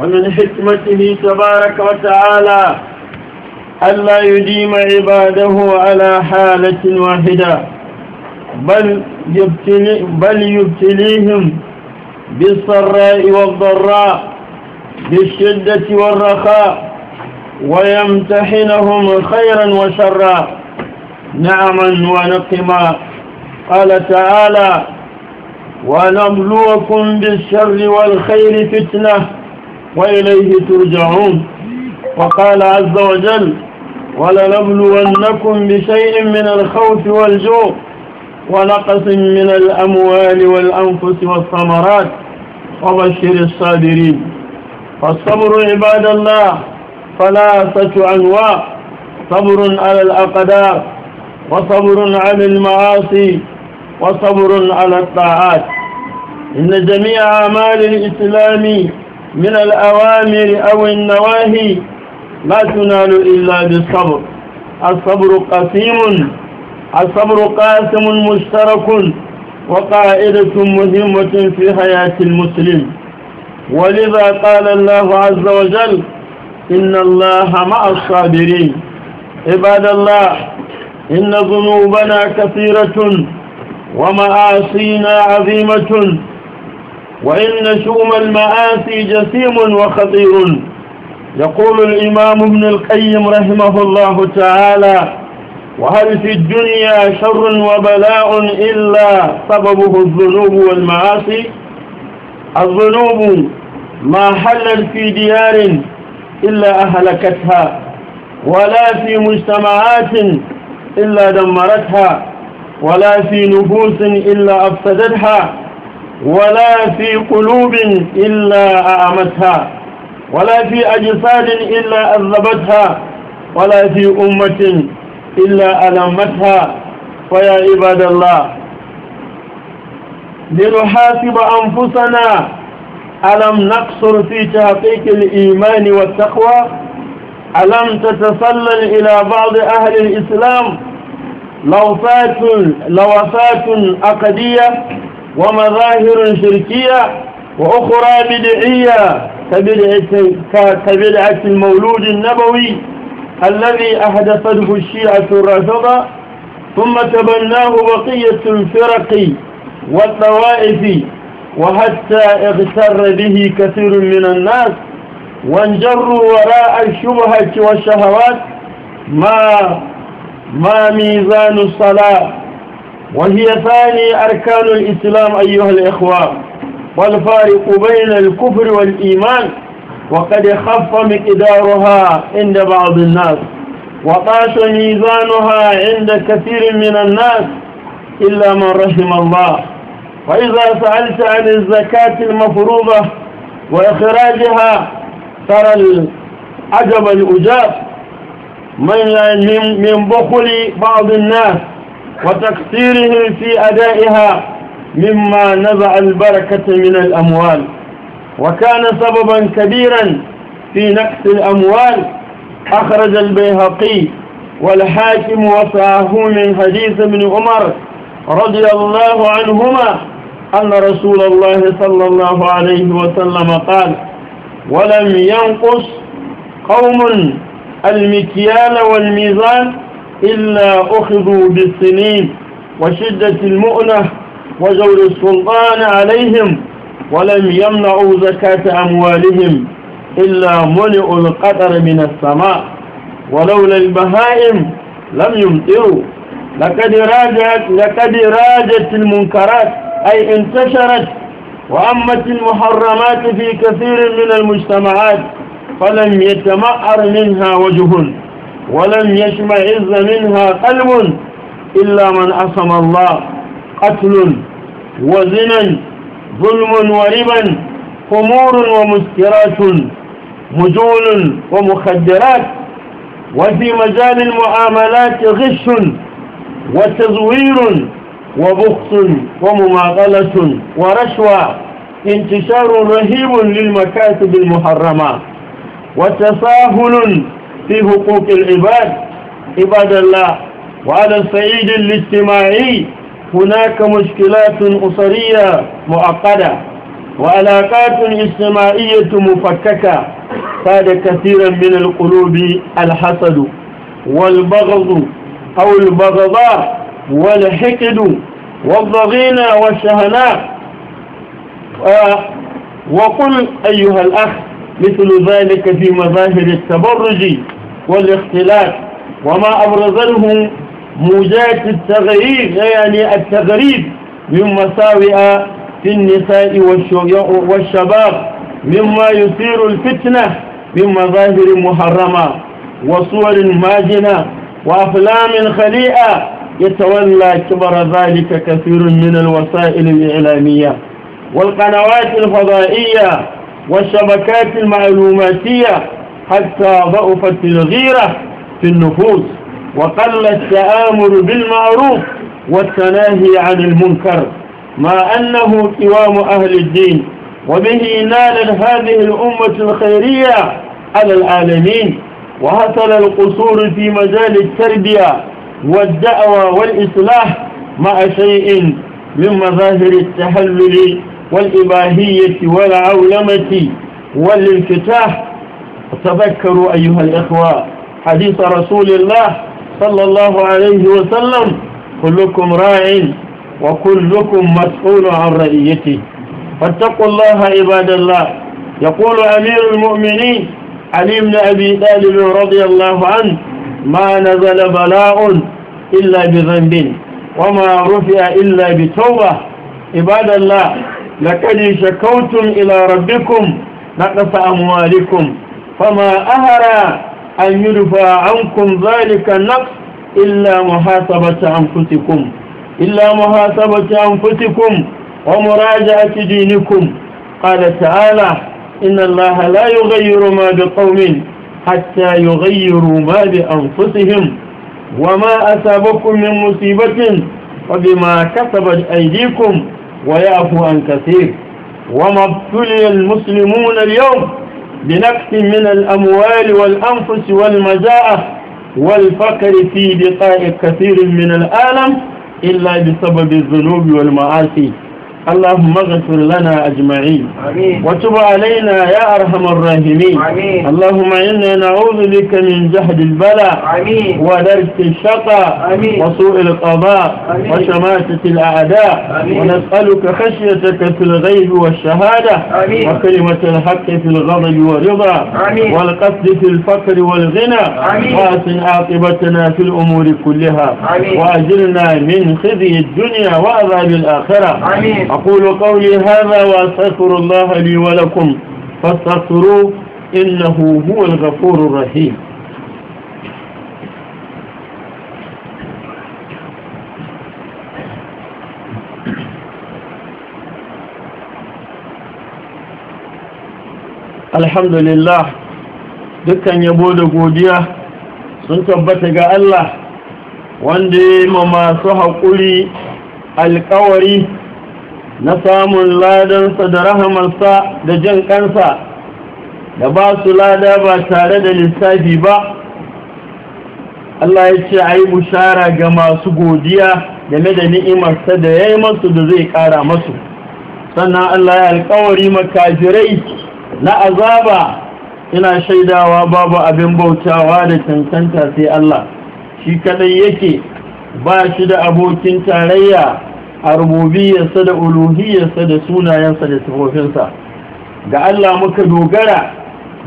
ومن حكمته تبارك وتعالى ألا يديم عباده على حالة واحدة بل, يبتلي بل يبتليهم بالسراء والضراء بالشدة والرخاء ويمتحنهم خيرا وشرا نعما ونقما قال تعالى ونبلوكم بالشر والخير فتنه وإليه ترجعون وقال عز وجل ولنبلونكم بشيء من الخوف والجوع ونقص من الأموال والأنفس والثمرات وبشر الصابرين فالصبر عباد الله ثلاثة أنواع صبر على الأقدار وصبر على المعاصي وصبر على الطاعات إن جميع أعمال الإسلام من الأوامر أو النواهي ما تنال إلا بالصبر الصبر قسيم الصبر قاسم مشترك وقائدة مهمة في حياة المسلم ولذا قال الله عز وجل إن الله مع الصابرين عباد الله إن ذنوبنا كثيرة ومعاصينا عظيمة وإن شوم المآسي جسيم وخطير يقول الإمام ابن القيم رحمه الله تعالى وهل في الدنيا شر وبلاء إلا سببه الذنوب والمعاصي الذنوب ما حلت في ديار إلا أهلكتها ولا في مجتمعات إلا دمرتها ولا في نفوس إلا أفسدتها ولا في قلوب إلا أعمتها ولا في أجساد إلا أذبتها ولا في أمة إلا ألمتها فيا عباد الله لنحاسب أنفسنا ألم نقصر في تحقيق الإيمان والتقوى ألم تتسلل إلى بعض أهل الإسلام لوفات لوفات أقدية ومظاهر شركية وأخرى بدعية كبدعة المولود النبوي الذي أحدثته الشيعة الرافضة ثم تبناه بقية الفرق والطوائف وحتى اغتر به كثير من الناس وانجروا وراء الشبهة والشهوات ما ما ميزان الصلاة وهي ثاني أركان الإسلام أيها الإخوة والفارق بين الكفر والإيمان وقد خف مقدارها عند بعض الناس وطاش ميزانها عند كثير من الناس إلا من رحم الله وإذا سألت عن الزكاة المفروضة وإخراجها ترى العجب الأجاب من بخل بعض الناس وتقصيرهم في أدائها مما نزع البركة من الأموال وكان سببا كبيرا في نقص الأموال أخرج البيهقي والحاكم وصاه من حديث ابن عمر رضي الله عنهما أن رسول الله صلى الله عليه وسلم قال ولم ينقص قوم المكيال والميزان إلا أخذوا بالسنين وشدة المؤنة وجور السلطان عليهم ولم يمنعوا زكاة أموالهم إلا ملئوا القدر من السماء ولولا البهائم لم يمطروا لقد راجت, لقد راجت المنكرات أي انتشرت وأمت المحرمات في كثير من المجتمعات فلم يتمأر منها وجه ولم يشمئز منها قلب إلا من عصم الله قتل وزنا ظلم وربا خمور ومسكرات مجول ومخدرات وفي مجال المعاملات غش وتزوير وبخص ومماغلة ورشوة انتشار رهيب للمكاتب المحرمة وتساهل في حقوق العباد عباد الله وعلى الصعيد الاجتماعي هناك مشكلات أسرية معقدة وعلاقات اجتماعية مفككة فاد كثيرا من القلوب الحسد والبغض أو البغضاء والحقد والضغينة والشهناء وقل أيها الأخ مثل ذلك في مظاهر التبرج والاختلاف وما أبرزنه موجات التغريب يعني التغريب من مساوئ في النساء والشباب مما يثير الفتنة من مظاهر محرمة وصور ماجنة وأفلام خليئة يتولى كبر ذلك كثير من الوسائل الإعلامية والقنوات الفضائية والشبكات المعلوماتية حتى ضعفت الغيرة في النفوس وقل التآمر بالمعروف والتناهي عن المنكر ما أنه قوام أهل الدين وبه نالت هذه الأمة الخيرية على العالمين وهتل القصور في مجال التربية والدعوة والإصلاح مع شيء من مظاهر التحلل والإباهية والعولمة والانفتاح تذكروا أيها الإخوة حديث رسول الله صلى الله عليه وسلم كلكم راع وكلكم مسؤول عن رئيته فاتقوا الله عباد الله يقول أمير المؤمنين علي بن أبي طالب رضي الله عنه ما نزل بلاء إلا بذنب وما رفع إلا بتوبة عباد الله لقد شكوتم إلى ربكم نقص أموالكم فما أهرى أن يدفع عنكم ذلك النقص إلا محاسبة أنفسكم إلا محاسبة أنفسكم ومراجعة دينكم قال تعالى إن الله لا يغير ما بقوم حتى يغيروا ما بأنفسهم وما أصابكم من مصيبة فبما كسبت أيديكم ويعفو عن كثير وما ابتلي المسلمون اليوم بنقص من الأموال والأنفس والمجاعة والفقر في بقاء كثير من العالم إلا بسبب الذنوب والمعاصي اللهم اغفر لنا أجمعين وتب علينا يا أرحم الراحمين اللهم إنا نعوذ بك من جهد البلاء ودرك الشقاء وسوء القضاء وشماتة الأعداء ونسألك خشيتك في الغيب والشهادة وكلمة الحق في الغضب والرضا والقصد في الفقر والغنى وأسن عاقبتنا في الأمور كلها وأجرنا من خزي الدنيا وعذاب الآخرة أقول قولي هذا وأستغفر الله لي ولكم فاستغفروه إنه هو الغفور الرحيم alhamdulillah dukkan yabo da godiya sun tabbata ga Allah wanda ya ma masu haƙuri alƙawari na samun ladansa da rahamarsa da jan kansa da ba su lada ba tare da lissafi ba Allah ya ce a yi bushara ga masu godiya game da ni'imarsa da ya yi masu da zai ƙara masu sannan Allah ya alkawari makajirai na azaba ina shaidawa babu abin bautawa da cancanta sai Allah shi kaɗai yake ba shi da abokin tarayya a rububiyarsa da uluhiyarsa da sunayensa da sifofinsa ga Allah muka dogara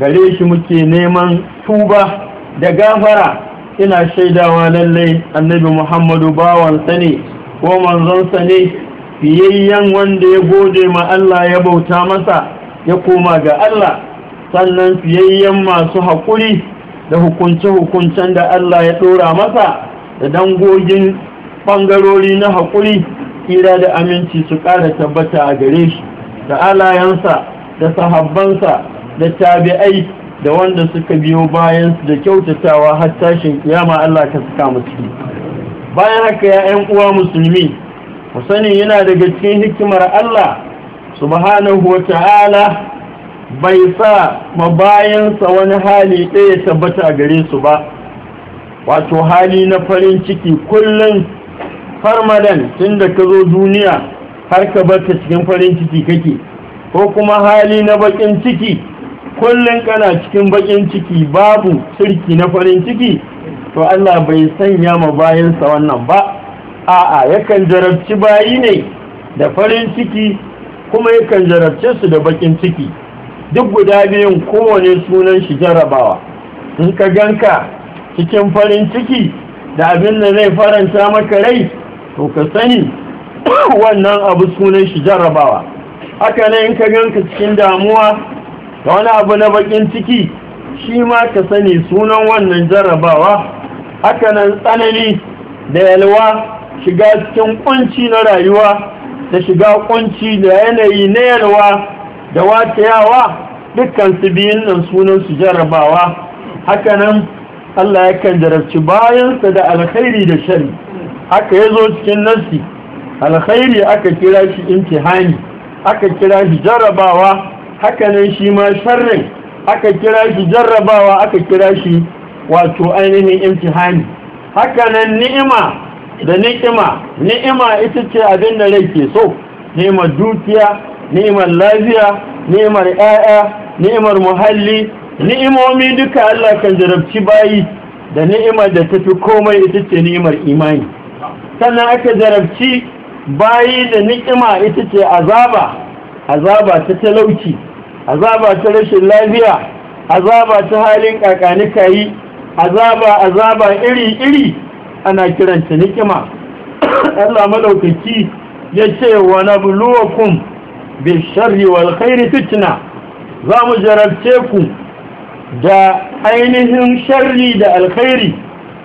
gare shi muke neman tuba da gafara ina shaidawa lallai annabi muhammadu bawansa ne ko manzonsa ne fiyayyen wanda ya gode ma Allah ya bauta masa ya koma ga Allah sannan fiyayyen masu haƙuri da hukunce-hukuncen da Allah ya ɗora masa da dangogin ɓangarori na haƙuri tsira da aminci su ƙara tabbata a gare shi da alayansa da sahabbansa da tabi'ai da wanda suka biyo bayan da kyautatawa har tashin kiyama Allah ka saka musu bayan haka ya ƴan uwa musulmi ku yana daga cikin hikimar Allah subhanahu wa ta'ala bai sa mabayansa wani hali ɗaya tabbata a gare su ba wato hali na farin ciki kullum farmalen tun da ka zo duniya har ka barka cikin farin ciki kake ko kuma hali na bakin ciki kullum kana cikin bakin ciki babu sirki na farin ciki to Allah bai sanya ma bayansa wannan ba a'a yakan jarabci bayi ne da farin ciki kuma yakan jarabce su da bakin ciki duk guda biyun kowane sunan shi jarabawa in ka ganka cikin farin ciki da abin da zai faranta maka rai to ka sani wannan abu sunan shi jarrabawa haka ne in ka ganka cikin damuwa da wani abu na bakin ciki shi ma ka sani sunan wannan jarrabawa haka nan tsanani da yalwa shiga cikin kunci na rayuwa da shiga kunci da yanayi na yalwa da watayawa dukkan su biyun nan sunan su jarrabawa haka nan Allah yakan jarabci bayansa da alkhairi da shari'a haka ya zo cikin nassi alkhairi aka kira shi imtihani aka kira shi jarrabawa haka nan shi ma sharrin aka kira shi jarrabawa aka kira shi wato ainihin imtihani haka nan ni'ima da ni'ima ni'ima ita ce abin da rai ke so ni'imar dukiya ni'imar lafiya ni'imar 'ya'ya ni'imar muhalli ni'imomi duka Allah kan jarabci bayi da ni'imar da tafi komai ita ce ni'imar imani sannan aka jarabci bayi da ni'ima ita ce azaba azaba ta talauci azaba ta rashin lafiya azaba ta halin kakanika yi azaba azaba iri-iri ana kiranta ni'ima Allah madaukaki ya ce wa nabluwakum bisharri wal khairi fitna za mu jarabce ku da ainihin sharri da alkhairi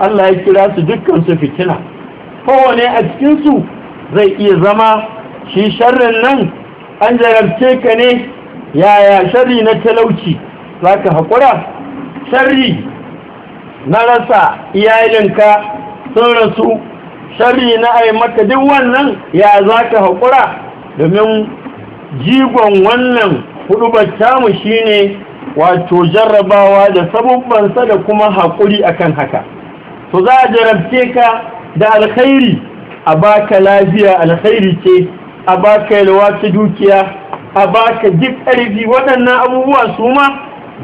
Allah ya kira su dukkan su fitina kowane a cikinsu zai iya zama shi sharrin nan an jarabce ka ne yaya sharri na talauci za ka haƙura sharri na rasa iyalinka sun rasu sharri na maka duk wannan ya za ka haƙura domin jigon wannan hudubar tamu shine wato jarrabawa da sabubbansa da kuma haƙuri akan haka to za a jarabce ka da alkhairi a baka lafiya alkhairi ce a baka yalwa ta dukiya a baka duk arzi waɗannan abubuwa su ma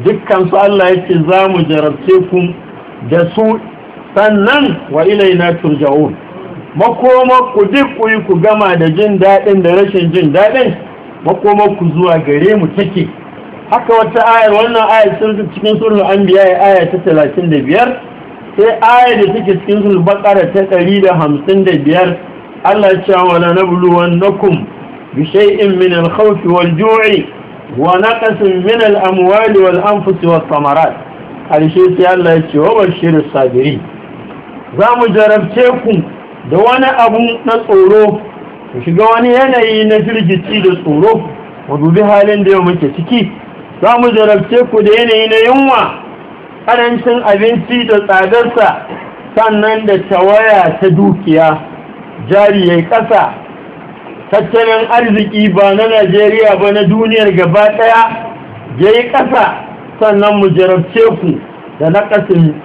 dukkan Allah yake za mu jarabce ku da su sannan wa ilaina turja'un makoma ku duk ku ku gama da jin daɗin da rashin jin daɗin makoma ku zuwa gare mu take haka wata ayar wannan ayar sun cikin surul anbiya aya ta 35 sai ayar da take cikin zulbakara ta 155 Allah cewa wala nabluwannakum bi shay'in min al-khawfi wal-ju'i wa naqsin min al-amwali wal-anfusi was-samarat alshe sai Allah ya ce wa sabiri za mu jarabce ku da wani abu na tsoro ku shiga wani yanayi na firgici da tsoro ku dubi halin da yau muke ciki za mu jarabce ku da yanayi na yunwa ƙarancin abinci da tsadarsa sannan da tawaya ta dukiya jari ya yi ƙasa tattalin arziki ba na najeriya ba na duniyar gaba ɗaya ya yi ƙasa sannan mu jarabce ku da na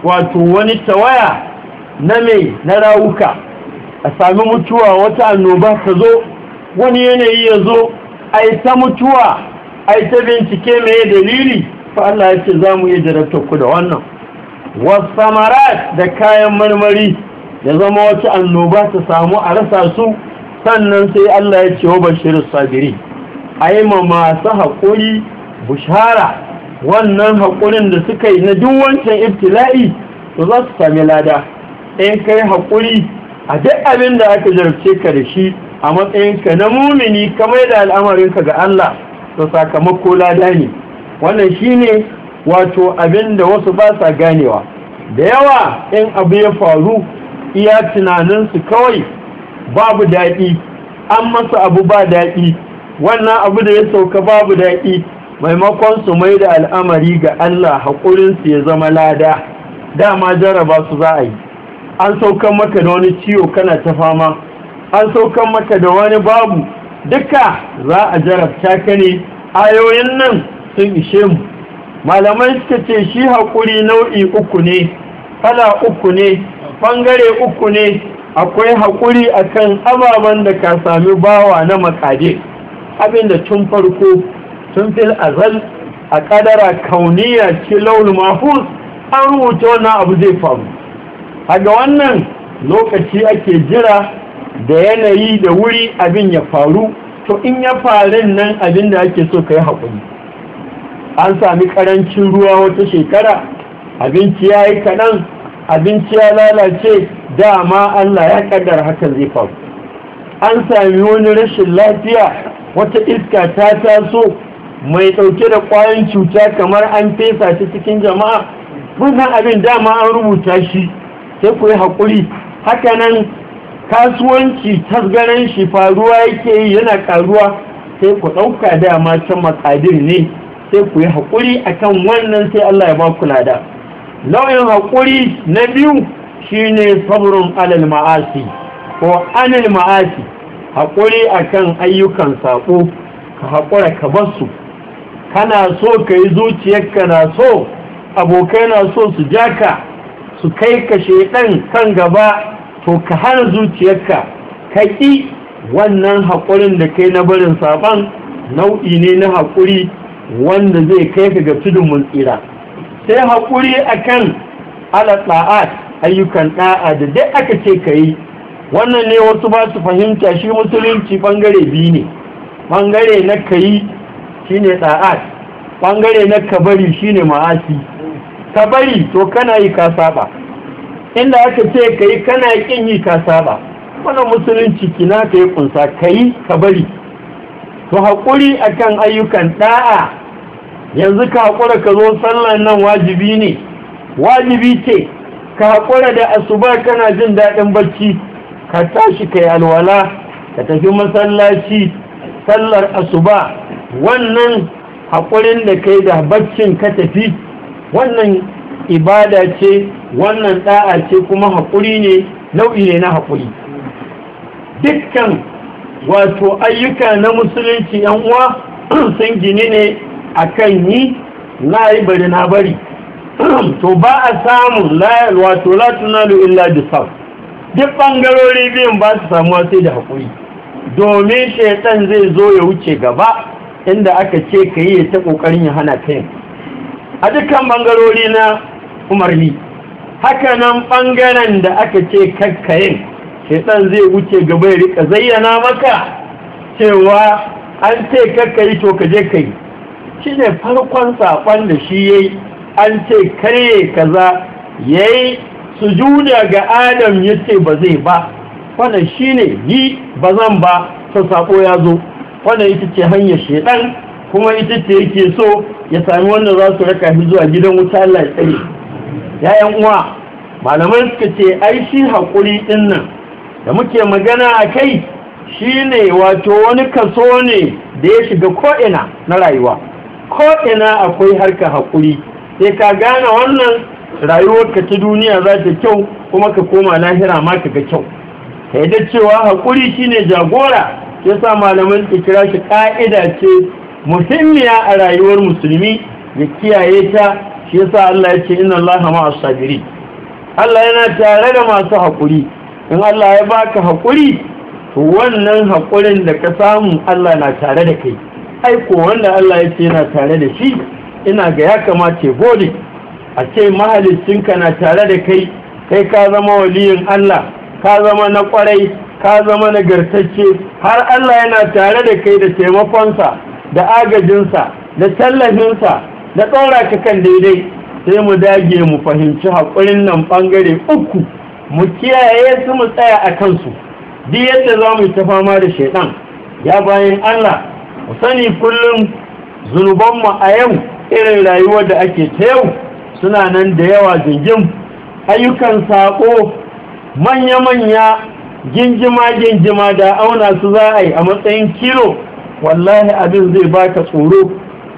wato wani tawaya na mai na rawuka a sami mutuwa wata annoba ta zo wani yanayi ya zo a yi ta mutuwa a yi ta bincike mai dalili fa Allah ya ce za mu yi jarabta ku da wannan wasu da kayan marmari ya zama wata annoba ta samu a rasa su sannan sai Allah ya ce wa bashirin sabiri a yi ma masu haƙuri bushara wannan haƙurin da suka yi na duk wancan ibtila'i za su sami lada in kai haƙuri a duk abin da aka jarabce ka da shi a matsayinka na mumini kamar da al'amarinka ga Allah su sakamako lada ne wannan shine wato abin da wasu ba sa ganewa da yawa in abu ya faru iya tunaninsu kawai babu daɗi an masa abu ba daɗi wannan abu da ya sauka babu daɗi maimakon su mai da al'amari ga Allah haƙurinsu ya zama lada dama jaraba su za a yi an saukan maka da wani ciwo kana ta fama an saukan maka da wani babu duka za a jarabta ka ne ayoyin nan sun ishe mu malamai suka ce shi haƙuri nau'i uku ne fala uku ne ɓangare uku ne akwai haƙuri a kan ababen da ka sami bawa na makade abinda tun farko tun fil azal a ƙadara kauniya ce launin mahus an rubuta wannan abu zai faru a ga wannan lokaci ake jira da yanayi da wuri abin ya faru to in ya faru nan abin da ake so ka yi haƙuri an sami karancin ruwa wata shekara abinci ya yi kaɗan abinci ya lalace dama Allah ya kaddara hakan zai faru an sami wani rashin lafiya wata iska ta taso mai ɗauke da ƙwayan cuta kamar an fesa shi cikin jama'a wannan abin dama an rubuta shi sai ku yi haƙuri hakanan kasuwanci tasgaran shi faruwa yake yi yana ƙaruwa sai ku ɗauka dama can makadir ne sai ku yi haƙuri a kan wannan sai Allah ya ba ku lada nau'in haƙuri na biyu shi ne sabrun alal ma'asi ko anil haƙuri a kan ayyukan saƙo ka haƙura ka basu kana so ka yi zuciyarka na so abokai na so su ja ka su kai ka shaiɗan kan gaba to ka hana zuciyarka ka ƙi wannan haƙurin da kai na barin saɓan nau'i ne na haƙuri wanda zai kai ka ga tudun mun tsira sai haƙuri akan ala ta'at ayyukan ɗa'a da dai aka ce ka yi wannan ne wasu ba su fahimta shi musulunci ɓangare biyu ne ɓangare na ka yi shi ne ɗa'at ɓangare na kabari bari shi ne ma'asi ka to kana yi ka saba inda aka ce ka yi kana ƙin yi ka saba wannan musulunci kina ka yi ƙunsa ka yi ka bari to haƙuri akan ayyukan ɗa'a yanzu ka haƙura ka zo sallan nan wajibi ne wajibi ce ka haƙura da asuba kana jin daɗin bacci ka tashi ka yi alwala ka tafi masallaci sallar asuba wannan haƙurin da kai da baccin ka tafi wannan ibada ce wannan ɗa'a ce kuma haƙuri ne nau'i ne na haƙuri dukkan wato ayyuka na musulunci yan uwa sun gini ne kan yi na yi bari na bari to ba a samu wato latunalu illa bisau duk ɓangarori biyun ba su samuwa sai da haƙuri domin shaitan zai zo ya wuce gaba inda aka ce ka yi ta ƙoƙarin ya hana ta a dukkan ɓangarori na umarni haka nan ɓangaren da aka ce kakkayin shaitan zai wuce gaba ya rika zayyana maka cewa an ce kakka yi to ka je shi ne farkon saƙon da shi ya yi an ce karye kaza ya yi sujuda ga adam ya ce ba zai ba wannan shi ne yi ba zan ba ta saƙo ya zo wannan ita ce hanyar shaidan kuma ita ce yake so ya sami wanda za su raka shi zuwa gidan wuta Allah ya tsare yayan uwa malamai suka ce ai shi haƙuri ɗin da muke magana a kai shi ne wato wani kaso ne da ya shiga ko'ina na rayuwa ko'ina akwai harka haƙuri sai ka gane wannan rayuwarka ta duniya za ta kyau kuma ka koma lahira ma ka ga kyau ka yi cewa haƙuri shi ne jagora ya sa malaman kira shi ƙa'ida ce muhimmiya a rayuwar musulmi ya kiyaye ta shi ya sa Allah ya ce inna Allah ma'a sabiri Allah yana tare da masu haƙuri in Allah ya baka haƙuri wannan haƙurin da ka samu Allah na tare da kai aiko wanda Allah ya ce yana tare da shi ina ga ya kamace gode a ce ka na tare da kai kai ka zama waliyin Allah ka zama na kwarai ka zama na gartacce. har Allah yana tare da kai da taimakonsa da agajinsa da tallafinsa da ɗora ka kan daidai sai mu dage mu fahimci haƙurin nan ɓangare uku mu kiyaye su mu tsaya a kansu duk yadda za mu ta fama da shaidan ya bayan Allah mu sani kullum zunubanmu a yau irin rayuwar da ake ta yau suna nan da yawa jingim ayyukan saƙo manya-manya gingima-gingima da auna su za a yi a matsayin kilo wallahi abin zai baka tsoro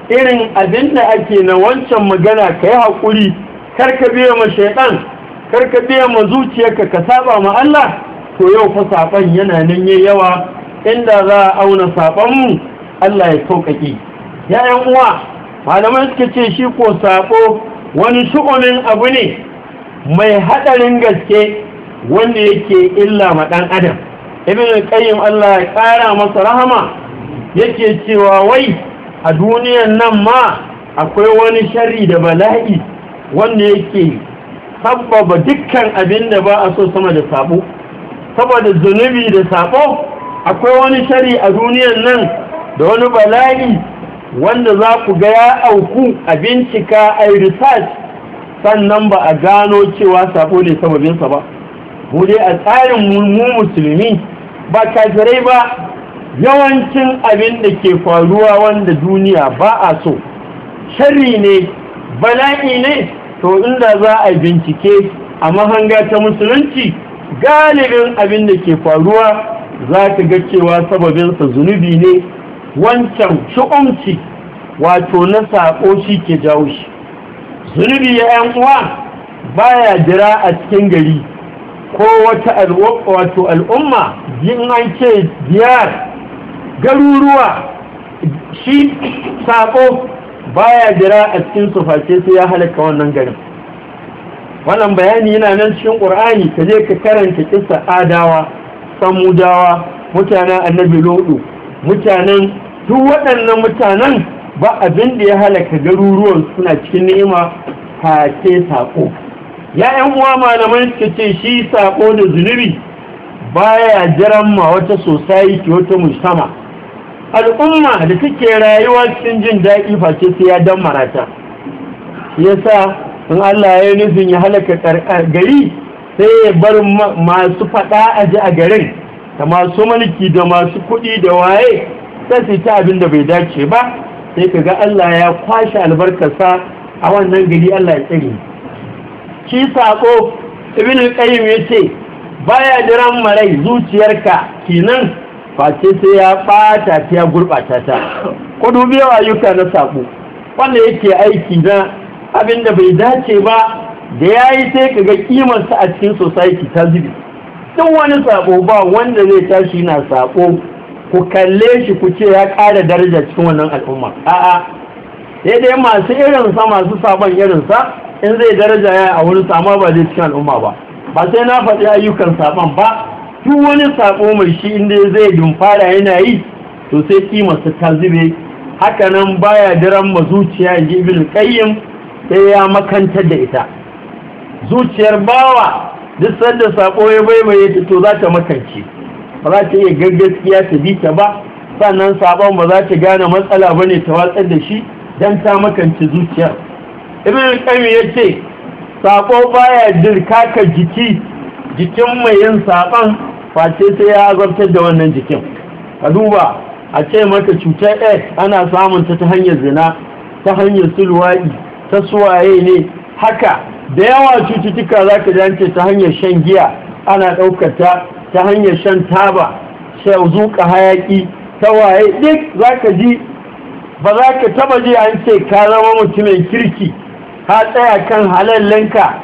irin abin da ake na wancan magana ka yi haƙuri karka biya ma shaidan Kar ka biya ma zuciyarka ka saba ma Allah to yau fa saban yana nan yayi yawa inda za a auna saban mu Allah ya sauƙaƙe ya 'yan uwa malamai suka ce shi ko sako wani shugonin abu ne mai hadarin gaske wanda yake illa ma dan adam ibn qayyim Allah ya ƙara masa rahama yake cewa wai a duniyan nan ma akwai wani sharri da bala'i wanda yake sabbaba dukkan abin da ba a so sama da sabo saboda zunubi da sabo akwai wani shari a duniyan nan da wani bala'i wanda za ku ga ya auku a bincika a research sannan ba a gano cewa sabo ne sababinsa ba mu a tsarin mu musulmi ba kafirai ba yawancin abin da ke faruwa wanda duniya ba a so shari ne bala'i ne to inda za a bincike a mahanga ta musulunci galibin abin da ke faruwa za ka ga cewa sababinsa zunubi ne wancan shi'umci wato na saƙo shi ke jawo shi zunubi ya ‘yan uwa baya jira a cikin gari ko wata al'umma yin an ce diyar garuruwa shi saƙo baya jira a cikin suface sai ya halaka wannan garin wannan bayani yana nan cikin ƙur'ani ka je ka karanta kissa adawa samudawa mutanen annabi lodo mutanen duk waɗannan mutanen ba abin da ya halaka garuruwan suna cikin ni'ima sako saƙo yan uwa malaman suka ce shi saƙo da zunubi baya jiran ma wata society wata mujtama al'umma da suke rayuwa cikin jin daɗi face sai ya dan marata yasa in Allah ya nufin ya halaka eh, gari sai ya bar masu faɗa a ji a garin da masu mulki da masu kuɗi da waye sai su ta abin da bai dace ba sai ka ga Allah ya kwashe albarkasa a wannan gari Allah ya tsare shi saƙo ibn qayyim yace baya jiran marai zuciyarka kinan face sai ya ɓata ta ya gurbata ta ku dubi ayyuka na saƙo wanda yake aiki na abinda bai dace ba da ya yi sai ka ga kimarsa a cikin society ta zubi duk wani saƙo ba wanda zai tashi na saƙo ku kalle shi ku ce ya ƙara daraja cikin wannan al'umma a'a sai dai masu irinsa masu sabon irinsa in zai daraja ya a wurin sama ba zai cikin al'umma ba ba sai na faɗi ayyukan saban ba duk wani saƙo mai shi inda zai dumfara yana yi to sai kimarsa ta zube haka nan baya diran ma zuciya jibin qayyim sai ya makantar da ita zuciyar bawa duk sanda saƙo ya baibaye ta to za ta makance ba za ta iya gaggaskiya ta bi ta ba sannan sabon ba za ta gane matsala bane ta watsar da shi dan ta makance zuciyar ibn qayyim ce saƙo baya ka jiki jikin mai yin saƙon. face sai ya azabtar da wannan jikin a duba a ce maka cutar ɗaya ana samun ta hanyar zina ta hanyar sulwaɗi ta suwaye ne haka da yawa cututtuka za ka jance ta hanyar shan giya ana ɗaukata ta hanyar shan taba shau zuƙa hayaƙi ta waye duk za ka ji ba za ka taba ji an ce ka zama mutumin kirki ka tsaya kan halallenka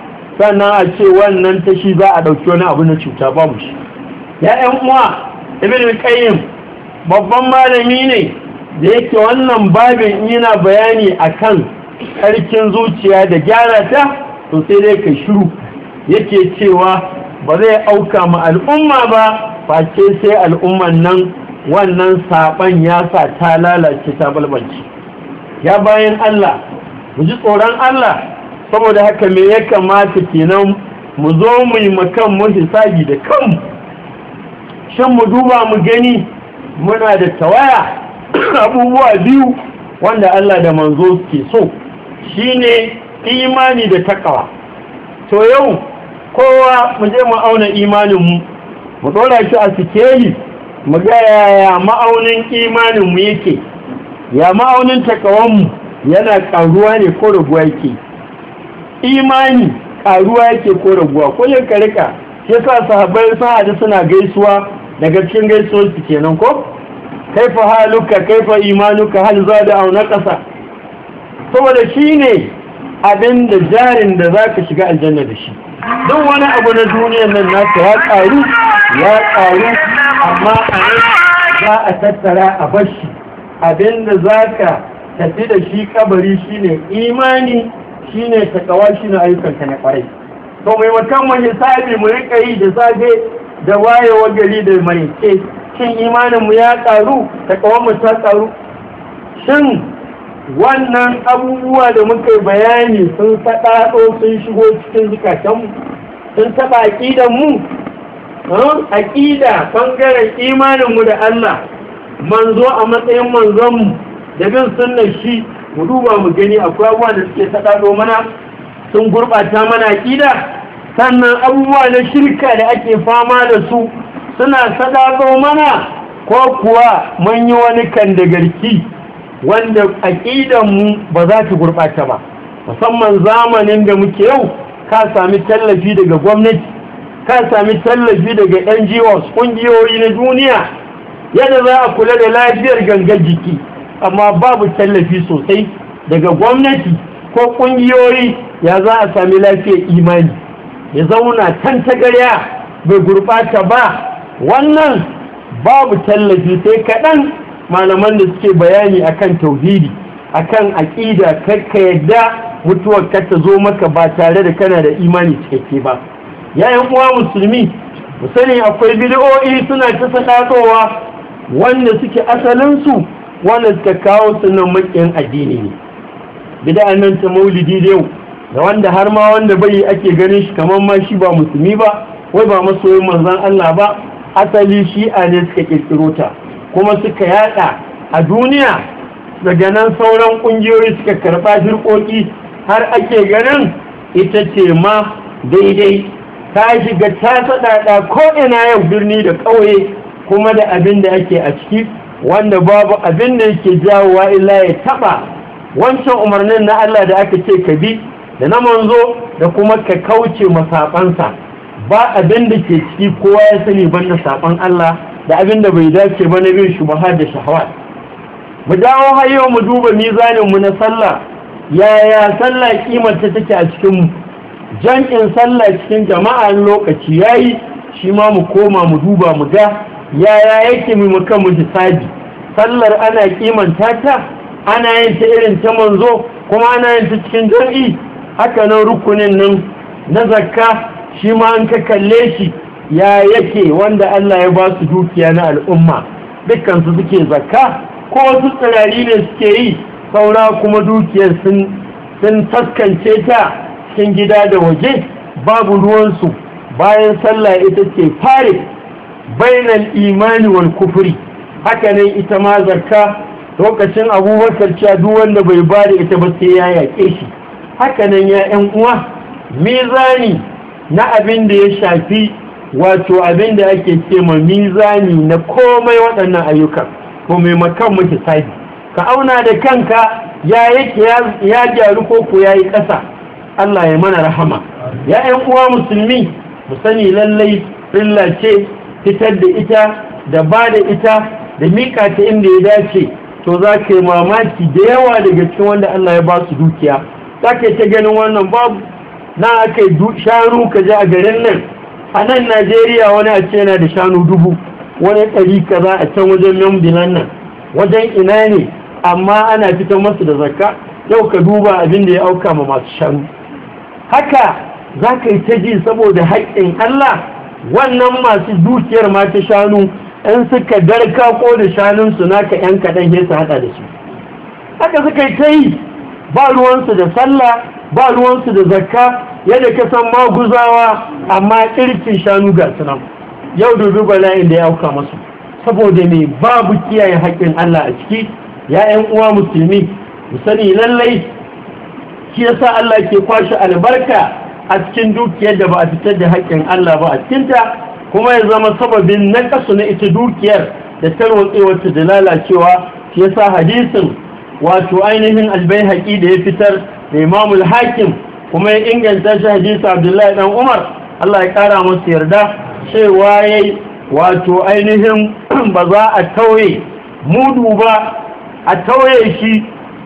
sannan a ce wannan tashi za a ɗauki wani abu na cuta babu shi ya uwa da qayyim babban malami ne da yake wannan babin yana bayani a kan ƙarkin zuciya da gyara ta to sai dai ka shiru yake cewa ba zai auka ma al'umma ba face sai al'umman nan wannan saɓan ya sa ta lalace ta balbalci ya bayan Allah mu ji tsoron Allah saboda haka me ya kamata kenan mu zo mu yi makan mu hisabi da kanmu shan mu duba mu gani muna da tawaya abubuwa biyu wanda Allah da manzo ke so shine imani da takawa to yau kowa mu je mu auna imanin mu mu dora shi a sikeli mu ga yaya ma'aunin imaninmu yake ya ma'aunin mu yana karuwa ne ko raguwa yake imani karuwa yake ko raguwa ko yanka rika ya sahabbai sun hadu suna gaisuwa daga cikin gaisuwar kenan ko kaifa haluka kaifa imanuka hal zada aw naqasa saboda shine abin da jarin da zaka shiga aljanna da shi duk wani abu na duniyar nan naka ya karu ya karu amma a nan za a tattara a bashi abin da zaka tafi da shi kabari shine imani shine takawa shine ayyukanka na kwarai to mai mutum wani sabi mu rika yi da safe da wayewar gari da mai ce, eh, cin imaninmu ya tsaru, ta ta tsaru. shin wannan abubuwa da muka bayani sun faɗaɗo sun shigo cikin zukatanmu sun taɓa aƙidanmu aƙida ɓangaren imaninmu da Allah manzo a matsayin manzonmu da bin sunnar shi mu duba mu gani akwai abubuwa da suke saɗaɗo mana sun gurɓata mana aƙida sannan abubuwa na shirka da ake fama da su suna sadako mana ko kuwa mun yi wani kandagarki wanda aƙidanmu ba za ta gurɓata ba musamman zamanin da muke yau ka sami tallafi daga gwamnati ka sami tallafi daga ngos ƙungiyoyi na duniya yadda za a kula da lafiyar gangar jiki amma babu tallafi sosai daga gwamnati ko ƙungiyoyi ya za a sami lafiyar imani ya zauna can ta bai gurɓata ba wannan babu tallafi sai kaɗan malaman da suke bayani akan tauhidi akan aƙida ka yadda mutuwar ka ta zo maka ba tare da kana da imani cikakke ba yayin uwa musulmi mu sani akwai bidiyo'i suna ta sadatowa wanda suke asalinsu wanda suka kawo sunan maƙiyan addini ne bida'an nan ta maulidi da yau da wanda har ma wanda bai ake ganin shi kamar ma shi ba musulmi ba wai ba masoyin manzon Allah ba asali shi a ne suka kirkiro ta kuma suka yada a duniya daga nan sauran kungiyoyi suka karba shirkoki har ake ganin ita ce ma daidai ta shiga ta sadada ko ina yau birni da ƙauye kuma da abin da ake a ciki wanda babu abin da yake jawowa illa ya taba wancan umarnin na Allah da aka ce ka bi da na manzo da kuma ka kauce masafansa ba abin da ke ciki kowa ya sani da safan Allah da abin da bai dace ba na bin shubha da shahawat mu dawo har yau mu duba mizanin mu na sallah yaya sallah kimar ta take a cikin mu jan'in sallah cikin jama'a lokaci yayi shi ma mu koma mu duba mu ga yaya yake mu muka mu hisabi sallar ana kimanta ta ana yin ta irin ta manzo kuma ana yin ta cikin jan'i haka nan rukunin nan na zakka shi ma an ka kalle shi ya yake wanda Allah ya ba su dukiya na al'umma dukansu suke zakka ko wasu tsirari ne suke yi saura kuma dukiyar sun taskance ta cikin gida da waje babu ruwansu bayan sallah ita ce fare bainal imani wal kufri haka nan ita ma zakka lokacin abubakar cewa duk wanda bai ba da ita ba sai ya yaƙe shi hakanan ya ‘yan uwa mizani na abin da ya shafi wato abin da ake ce ma mizani na komai waɗannan ayyukan ko mai makon mace sabi ka auna da kanka ya yake ya gyaru koko ya yi ƙasa Allah ya mana rahama ya ‘yan uwa musulmi mu sani lallai rilla ce fitar da ita da ba da ita da miƙa ta inda ya dace to za ka yi mamaki da yawa daga cikin wanda Allah ya ba su dukiya za ka ta ganin wannan babu na aka shanu ka ji a garin nan a nan najeriya wani a ce yana da shanu dubu wani ɗari ka za a can wajen bilan nan wajen ina ne amma ana fitar masu da zakka yau ka duba abin da ya auka ma masu shanu haka za ka yi ta ji saboda haƙƙin allah wannan masu dukiyar mata shanu in suka darka ko da shanunsu naka 'yan kaɗan ya su haɗa da su haka suka yi ta yi ba ruwansu da sallah ba ruwansu da zakka yadda ka san maguzawa amma irkin shanu ga sunan yau da duba bala'in da ya auka masu saboda ne babu kiyaye haƙƙin Allah a ciki ya 'yan uwa musulmi musani lallai shi yasa Allah ke kwashe albarka a cikin dukiyar da ba a fitar da haƙƙin Allah ba a cikinta kuma ya zama sababin nakasu na ita dukiyar da tarwatsewar ta da lalacewa shi yasa hadisin wato ainihin albayhaqi da ya fitar da imamul hakim kuma ya inganta shi hadisi abdullahi dan umar Allah ya ƙara masu yarda cewa yi wato ainihin ba za a tauye mudu ba a tauye shi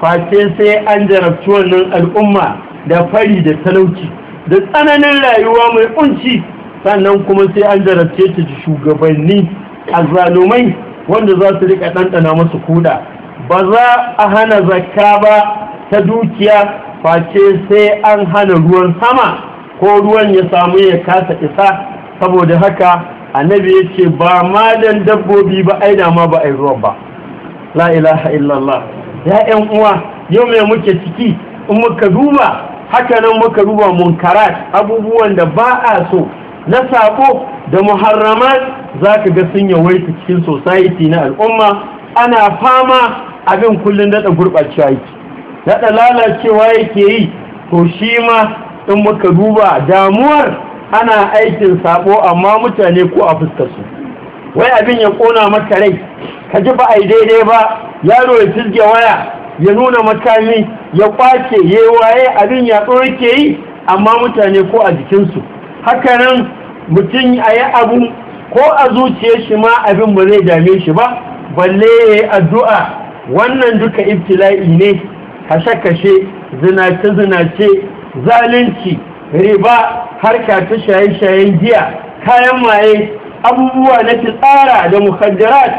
face sai an jarabci wannan al'umma da fari da talauci da tsananin rayuwa mai ƙunci, sannan kuma sai an jarabce ta shugabanni a zalumai, wanda za su riƙa ɗanɗana masu kuda ba za a hana zakka ba ta dukiya face sai an hana ruwan sama ko ruwan ya samu ya kasa isa saboda haka annabi ya ce ba ma dan dabbobi ba aina ma ba ai ruwan ba la ilaha illallah ya 'yan uwa yau mai muke ciki in muka duba haka nan muka duba munkarat abubuwan da ba a so na sako da muharramat za ga sun yawaita cikin society na al'umma ana fama abin kullum daɗa gurɓacewa yake daɗa lalacewa yake yi to shi ma in muka duba damuwar ana aikin sabo amma mutane ko a fuskarsu wai abin ya ƙona maka rai ka ji ba a yi daidai ba yaro ya fizge waya ya nuna makami ya kwace ya yi waye abin ya ke yi amma mutane ko a jikinsu hakanan mutum a yi abu ko a zuciya shi ma abin ba zai dame shi ba balle ya yi addu'a wannan duka ibtila'i ne kashe-kashe zinace-zinace zalunci riba harka ta shaye-shayen giya kayan maye abubuwa na fitsara da mukaddarat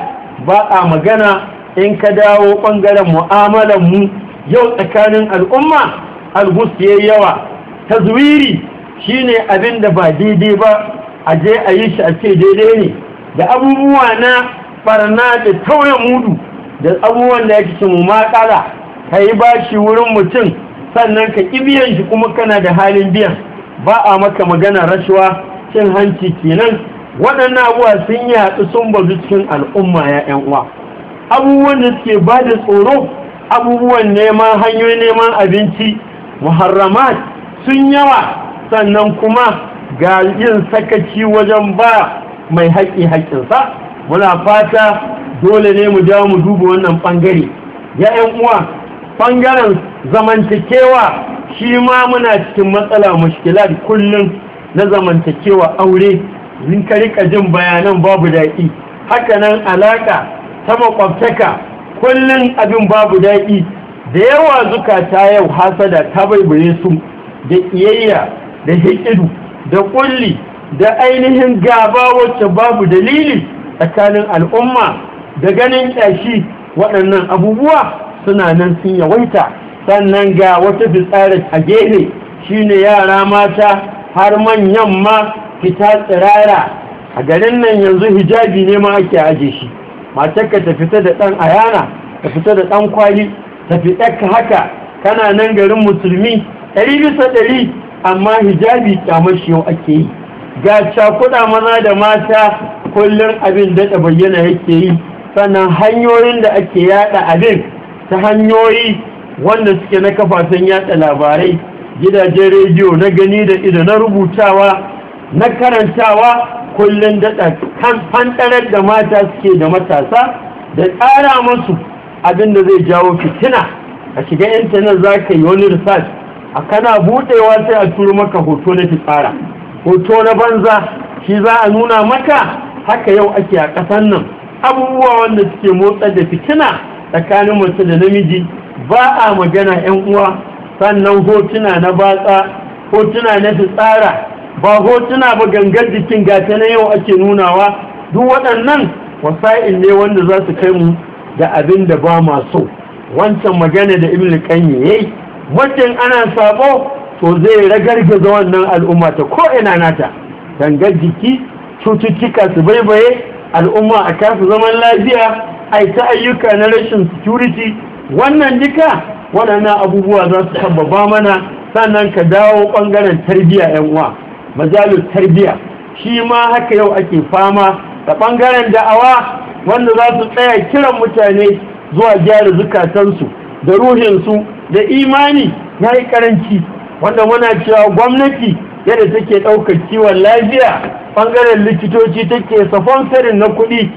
ba a magana in ka dawo ɓangaren mu'amalanmu yau tsakanin al'umma algus ya yawa tazwiri shine abin da ba daidai ba a je a yi shi a ce daidai ne da abubuwa na ɓarna da tauye mudu da abubuwan da yake mu makala ka yi bashi wurin mutum sannan ka ƙi biyan shi kuma kana da halin biyan ba a maka magana rashuwa cin hanci kenan waɗannan abubuwa sun haɗu sun bazu cikin al'umma ya uwa abubuwan da suke ba da tsoro abubuwan neman hanyoyin neman abinci muharramat sun yawa sannan kuma ga yin sakaci wajen ba mai haƙƙi haƙinsa muna fata dole ne mu dawo mu duba wannan ɓangare ya ‘yan uwa ɓangaren zamantakewa shi ma muna cikin matsala da kullum na zamantakewa aure in ka rika jin bayanan babu daɗi hakanan alaƙa ta maƙwabtaka kullum abin babu daɗi da yawa zukata yau hasada ta baibare su da iyayya da hikidu da kulli da ainihin gaba wacce babu dalili tsakanin al'umma da ganin ƙyashi waɗannan abubuwa suna nan sun yawaita sannan ga wata fitsari a gefe shine yara mata har manyan ma fita tsirara a garin nan yanzu hijabi ne ma ake aje shi matarka ta fita da ɗan ayana ta fita da ɗan kwali ta fita ka haka kana nan garin musulmi ɗari bisa ɗari amma hijabi kyamar ake yi ga cakuɗa maza da mata kullum abin da bayyana yake yi sannan hanyoyin da ake yada abin ta hanyoyi wanda suke na kafafen yada labarai gidajen rediyo na gani da ido na rubutawa na karantawa kullum daɗa kan fantarar da mata suke da matasa da tsara masu abin da zai jawo fitina a shiga intanet za ka yi wani research a kana buɗewa sai a turu maka hoto na fitsara hoto na banza shi za a nuna maka haka yau ake a ƙasan nan abubuwa wanda suke motsa da fitina tsakanin mace da namiji ba a magana yan uwa sannan hotuna na batsa hotuna na fitsara ba hotuna ba gangar jikin gata na yau ake nunawa duk waɗannan wasa'in ne wanda za su kai mu da abin da ba ma so wancan magana da ibn ya yayi mutum ana sabo to zai ragargaza wannan al'umma ta ko'ina nata gangar jiki cututtuka su baibaye al'umma a kasu zaman lafiya a ayyuka na rashin security wannan duka waɗannan abubuwa za su tabbaba mana sannan ka dawo ɓangaren tarbiyya yan uwa majalis tarbiyya shi ma haka yau ake fama da ɓangaren da'awa wanda za su tsaya kiran mutane zuwa gyara zukatansu da ruhinsu da imani na yi karanci wanda muna cewa gwamnati yadda take ɗaukar kiwon lafiya ɓangaren likitoci take sarin na kuɗi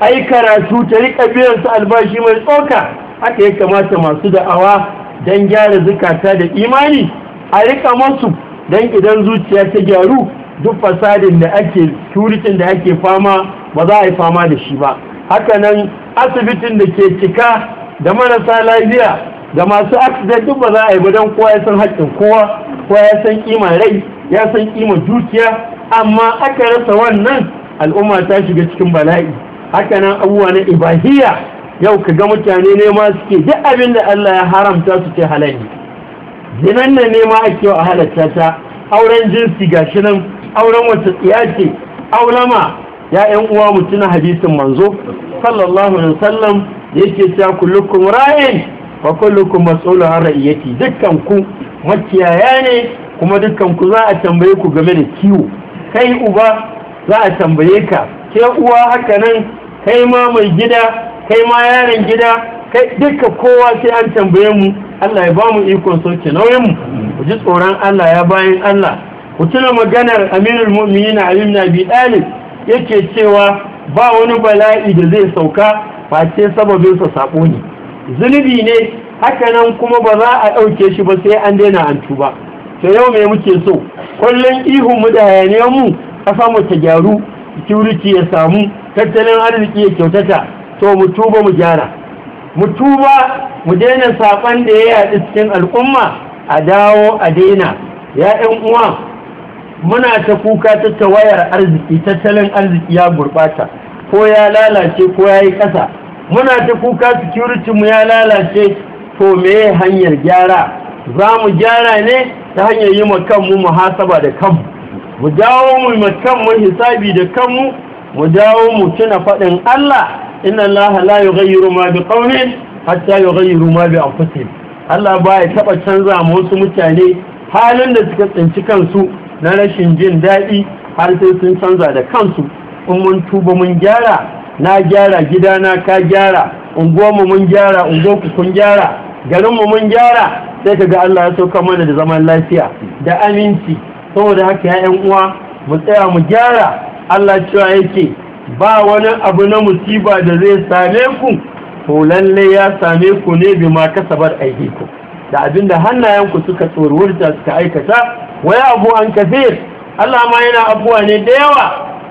ai karatu ta riƙa biyan su albashi mai tsoka haka ya kamata masu da'awa don gyara zukata da imani a riƙa masu don idan zuciya ta gyaru duk fasadin da ake turitin da ake fama ba za a yi fama da shi ba Haka nan, asibitin da ke cika da marasa lafiya da masu accident duk ba za a yi ba don kowa ya san haƙƙin kowa kowa ya san ƙima rai ya san ƙima dukiya amma aka rasa wannan al'umma ta shiga cikin bala'i haka nan abubuwa na ibahiyya yau ka ga mutane ne ma suke duk abin da Allah ya haramta su ce halali zinan nan ne ma ake a halatta ta auren jinsi gashi nan auren wata tsiya aulama ya ƴan uwa mutuna hadisin manzo sallallahu alaihi wasallam yake cewa kullukum ra'in wa kullukum mas'ulun an ra'iyati dukkan ku makiyaya ne kuma dukkan ku za a tambaye ku game da kiwo kai uba za a tambaye ka ke uwa haka nan kai ma mai gida kai ma yaron gida kai duka kowa sai an tambaye mu Allah ya ba mu ikon sauke nauyin mu ku ji tsoron Allah ya bayan Allah ku tuna maganar Aminul Mu'minin Ali ibn Abi Talib yake cewa ba wani bala'i da zai sauka ba ce sababin sa sako ne zunubi ne haka nan kuma ba za a ɗauke shi ba sai an daina an tuba to yau me muke so Kullum ihun mu da hayaniyan mu kasa mu ta gyaru security ya samu tattalin arziki ya kyautata to mu tuba mu gyara mu tuba mu daina saban da ya yaɗi cikin al'umma a dawo a daina ya ɗan uwa muna ta kuka ta tawayar arziki tattalin arziki ya gurɓata ko ya lalace ko ya yi ƙasa muna ta kuka security mu ya lalace to me hanyar gyara za mu gyara ne ta hanyar yi kanmu muhasaba da kanmu mu dawo mu kanmu hisabi da kanmu mu dawo mu tuna faɗin Allah inna Allah la yughayyiru ma bi qaumin hatta yughayyiru ma bi anfusihim Allah ba ya taba canza ma wasu mutane halin da suka tsinci kansu na rashin jin daɗi har sai sun canza da kansu in mun tuba mun gyara na gyara gidana ka gyara unguwarmu mun gyara unguwarku kun gyara garinmu mun gyara sai ka ga Allah ya sauka mana da zaman lafiya da aminci saboda haka ya uwa mu tsaya mu gyara Allah cewa yake ba wani abu na musiba da zai same ku to lalle ya same ku ne bi ma kasabar aiki ku da abinda hannayenku suka tsorurta suka aikata waya abu an kafir Allah ma yana abuwa ne da yawa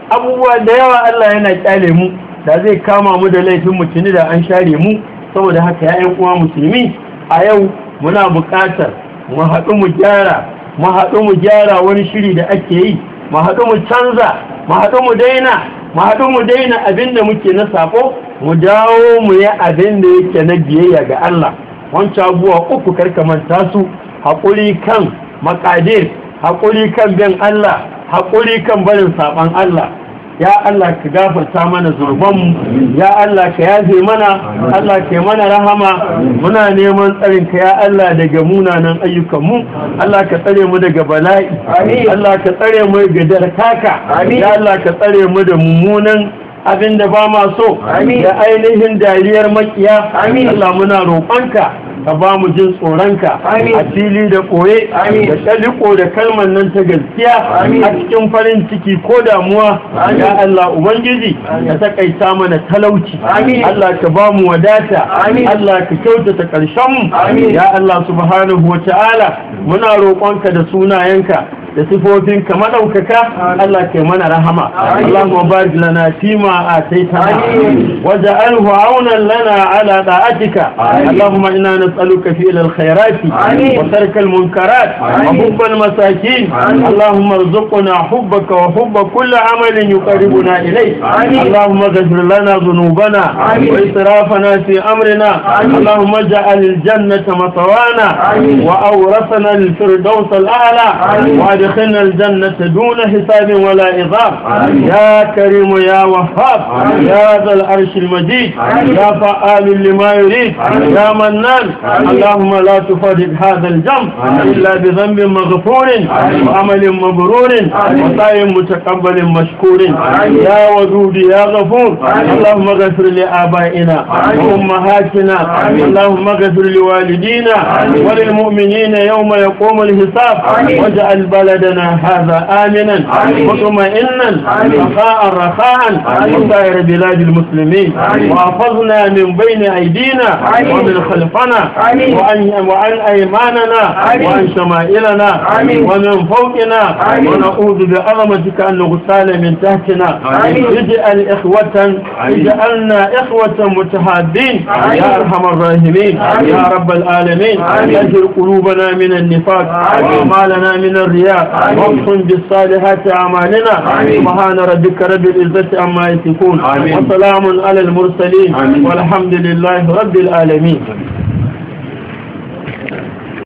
abubuwa da yawa Allah yana kyale mu da zai kama mu da laifin mu tuni da an share mu saboda haka ya uwa musulmi a yau muna buƙatar mu haɗu mu gyara mu haɗu mu gyara wani shiri da ake yi mu haɗu mu canza mu haɗu mu daina mu haɗu mu daina abin da muke na sako mu dawo mu yi abin da yake na biyayya ga Allah wancan abuwa uku karkamanta su haƙuri kan makadir haƙuri kan bin Allah haƙuri kan barin saɓan Allah ya Allah ka gafarta mana zurbanmu ya Allah ka yaje mana Allah ka mana rahama muna neman tsarin ka ya Allah daga munanan ayyukan mu Allah ka tsare mu daga bala'i Allah ka tsare mu daga darkaka ya Allah ka tsare mu da mummunan abinda ba ma so da ainihin dariyar makiya Allah muna roƙonka ka ba mu jin tsoronka a fili da ƙoye da ɗaliko da kalmar nan ta gaskiya a cikin farin ciki ko damuwa ya Allah ubangiji ka taƙaita mana talauci Allah ka ba mu wadata Allah ka kyautata ƙarshen mu ya Allah subhanahu wa ta'ala muna roƙonka da sunayenka da sifofin ka madaukaka Allah ke mana rahama Allahumma barik lana fima ataitana waj'alhu aunan lana ala da'atika Allahumma inna nas'aluka fi al khairat wa tark al munkarat wa hubb al masakin Allahumma arzuqna hubbaka wa hubb kull amalin yuqarribuna ilayk Allahumma ghfir lana dhunubana wa israfana fi amrina Allahumma ij'al al jannata matwana wa awrasna al firdaws al a'la wa يدخلنا الجنة دون حساب ولا إضاف يا كريم يا وفاق يا ذا العرش المجيد يا فعال لما يريد يا منان اللهم لا تفرد هذا الجمع إلا بذنب مغفور وعمل مبرور وطاي متقبل مشكور يا ودود يا غفور اللهم غفر لآبائنا وأمهاتنا اللهم غفر لوالدينا وللمؤمنين يوم يقوم الحساب واجعل بلد بلدنا هذا آمنا مطمئنا رخاء رخاء وسائر بلاد المسلمين وأفضنا من بين أيدينا ومن خلفنا وعن, وعن أيماننا وعن شمائلنا ومن فوقنا ونعوذ بعظمتك أن نغتال من تحتنا اجعل إخوة اجعلنا إخوة متحابين يا أرحم الراحمين يا رب العالمين أجر قلوبنا من النفاق وما من الرياء وامحن بالصالحات أعمالنا سبحان ربك رب العزة عما يصفون وسلام على المرسلين والحمد لله رب العالمين